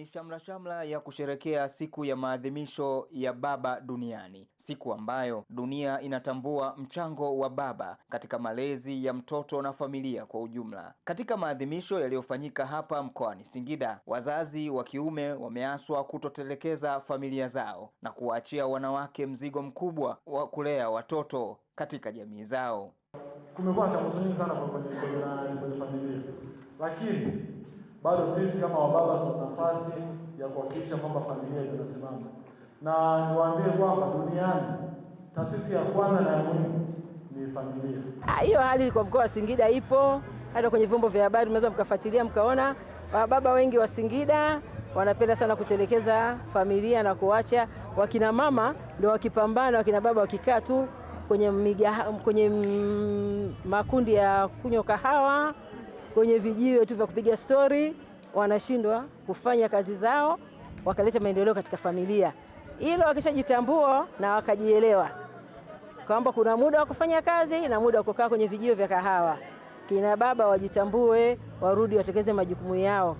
Ni shamra ya kusherekea siku ya maadhimisho ya baba duniani, siku ambayo dunia inatambua mchango wa baba katika malezi ya mtoto na familia kwa ujumla. Katika maadhimisho yaliyofanyika hapa mkoani Singida, wazazi wa kiume wameaswa kutotelekeza familia zao na kuwaachia wanawake mzigo mkubwa wa kulea watoto katika jamii zao. Kumekuwa changamoto nyingi sana kwenye familia, lakini bado sisi kama wababa tuna nafasi ya kuhakikisha kwamba familia zinasimama, na niwaambie kwamba duniani taasisi ya kwanza na ya muhimu ni familia. Ah, hiyo hali kwa mkoa wa Singida ipo, hata kwenye vyombo vya habari mnaweza mkafuatilia mkaona, wababa ah, wengi wa Singida wanapenda sana kutelekeza familia na kuacha wakina mama ndio wakipambana, wakina baba wakikaa tu kwenye, kwenye mm, makundi ya kunywa kahawa kwenye vijiwe tu vya kupiga stori, wanashindwa kufanya kazi zao wakaleta maendeleo katika familia. Hilo wakishajitambua na wakajielewa kwamba kuna muda wa kufanya kazi na muda wa kukaa kwenye vijiwe vya kahawa, kina baba wajitambue, warudi watekeleze majukumu yao,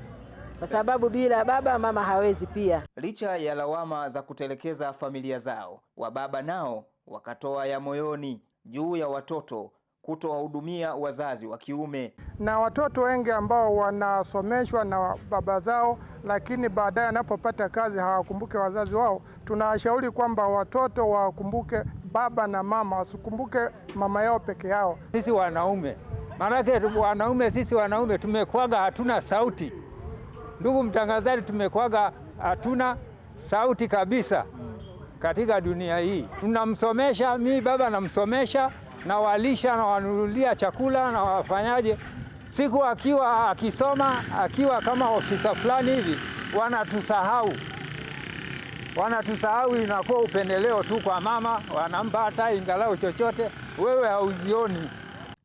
kwa sababu bila baba mama hawezi. Pia licha ya lawama za kutelekeza familia zao, wababa nao wakatoa ya moyoni juu ya watoto kutowahudumia wazazi wa kiume na watoto wengi ambao wanasomeshwa na baba zao, lakini baadaye wanapopata kazi hawakumbuke wazazi wao. Tunawashauri kwamba watoto wakumbuke baba na mama, wasikumbuke mama yao peke yao. Sisi wanaume, maanake wanaume, sisi wanaume tumekwaga hatuna sauti. Ndugu mtangazaji, tumekwaga hatuna sauti kabisa katika dunia hii. Tunamsomesha, mimi baba namsomesha nawalisha nawanunulia chakula na wafanyaje. Siku akiwa akisoma akiwa kama ofisa fulani hivi, wanatusahau wanatusahau, inakuwa upendeleo tu kwa mama, wanampa hata ingalau chochote, wewe hauzioni.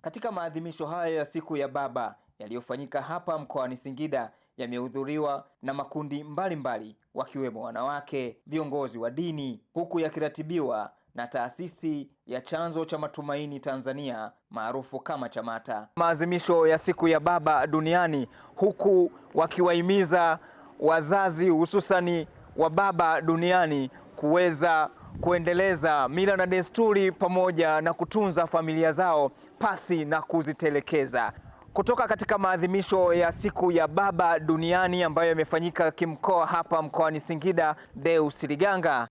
Katika maadhimisho hayo ya siku ya baba yaliyofanyika hapa mkoani Singida yamehudhuriwa na makundi mbalimbali mbali, wakiwemo wanawake, viongozi wa dini, huku yakiratibiwa na taasisi ya Chanzo cha Matumaini Tanzania maarufu kama CHAMATA. Maadhimisho ya Siku ya Baba Duniani, huku wakiwahimiza wazazi hususani wa baba duniani kuweza kuendeleza mila na desturi pamoja na kutunza familia zao pasi na kuzitelekeza. Kutoka katika maadhimisho ya siku ya baba duniani ambayo yamefanyika kimkoa hapa mkoani Singida, Deus Liganga.